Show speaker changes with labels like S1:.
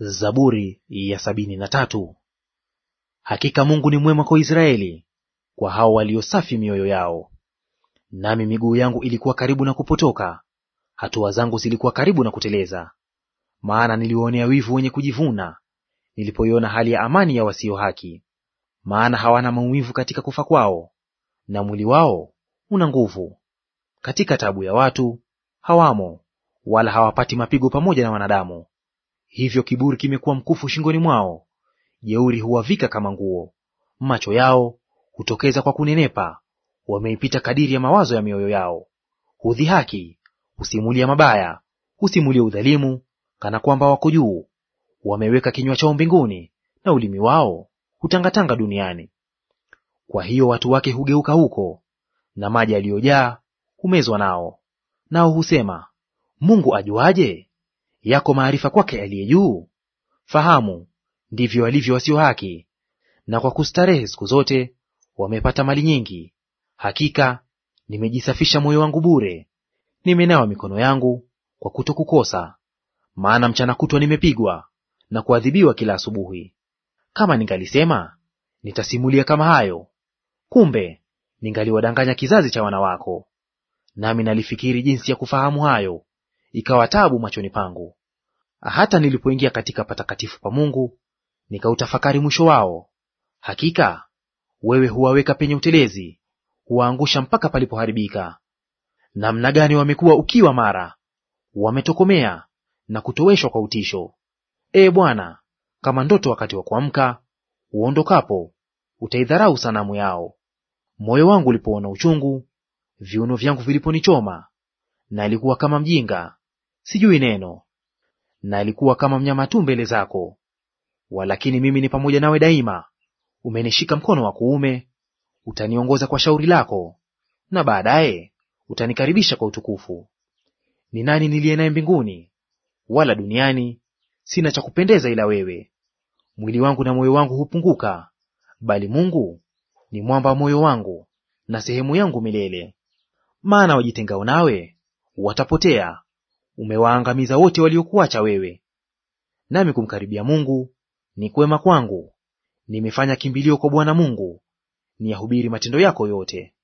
S1: Zaburi ya sabini na tatu. Hakika Mungu ni mwema kwa Israeli, kwa hao waliosafi mioyo yao. Nami miguu yangu ilikuwa karibu na kupotoka, hatua zangu zilikuwa karibu na kuteleza. Maana niliwaonea wivu wenye kujivuna, nilipoiona hali ya amani ya wasio haki. Maana hawana maumivu katika kufa kwao, na mwili wao una nguvu. Katika tabu ya watu hawamo, wala hawapati mapigo pamoja na wanadamu. Hivyo kiburi kimekuwa mkufu shingoni mwao, jeuri huwavika kama nguo. Macho yao hutokeza kwa kunenepa, wameipita kadiri ya mawazo ya mioyo yao. Hudhihaki, husimulia mabaya, husimulia udhalimu, kana kwamba wako juu. Wameweka kinywa chao mbinguni, na ulimi wao hutangatanga duniani. Kwa hiyo watu wake hugeuka huko, na maji yaliyojaa humezwa nao. Nao husema, Mungu ajuaje? yako maarifa kwake aliye juu? Fahamu, ndivyo walivyo wasio haki, na kwa kustarehe siku zote wamepata mali nyingi. Hakika nimejisafisha moyo wangu bure, nimenawa mikono yangu kwa kutokukosa. Maana mchana kutwa nimepigwa na kuadhibiwa kila asubuhi. Kama ningalisema nitasimulia kama hayo, kumbe ningaliwadanganya kizazi cha wanawako Nami nalifikiri jinsi ya kufahamu hayo, ikawa taabu machoni pangu, hata nilipoingia katika patakatifu pa Mungu nikautafakari mwisho wao. Hakika wewe huwaweka penye utelezi, huwaangusha mpaka palipoharibika. Namna gani wamekuwa ukiwa mara, wametokomea na kutoweshwa kwa utisho. Ee Bwana, kama ndoto wakati wa kuamka, uondokapo utaidharau sanamu yao. Moyo wangu ulipoona uchungu, viuno vyangu viliponichoma, na alikuwa kama mjinga sijui neno, na alikuwa kama mnyama tu mbele zako. Walakini mimi ni pamoja nawe daima, umenishika mkono wa kuume, utaniongoza kwa shauri lako, na baadaye utanikaribisha kwa utukufu. Ni nani niliye naye mbinguni? Wala duniani sina cha kupendeza ila wewe. Mwili wangu na moyo wangu hupunguka, bali Mungu ni mwamba wa moyo wangu na sehemu yangu milele. Maana wajitengao nawe watapotea, umewaangamiza wote waliokuacha wewe. Nami kumkaribia Mungu ni kwema kwangu, nimefanya kimbilio kwa Bwana Mungu, niyahubiri matendo yako yote.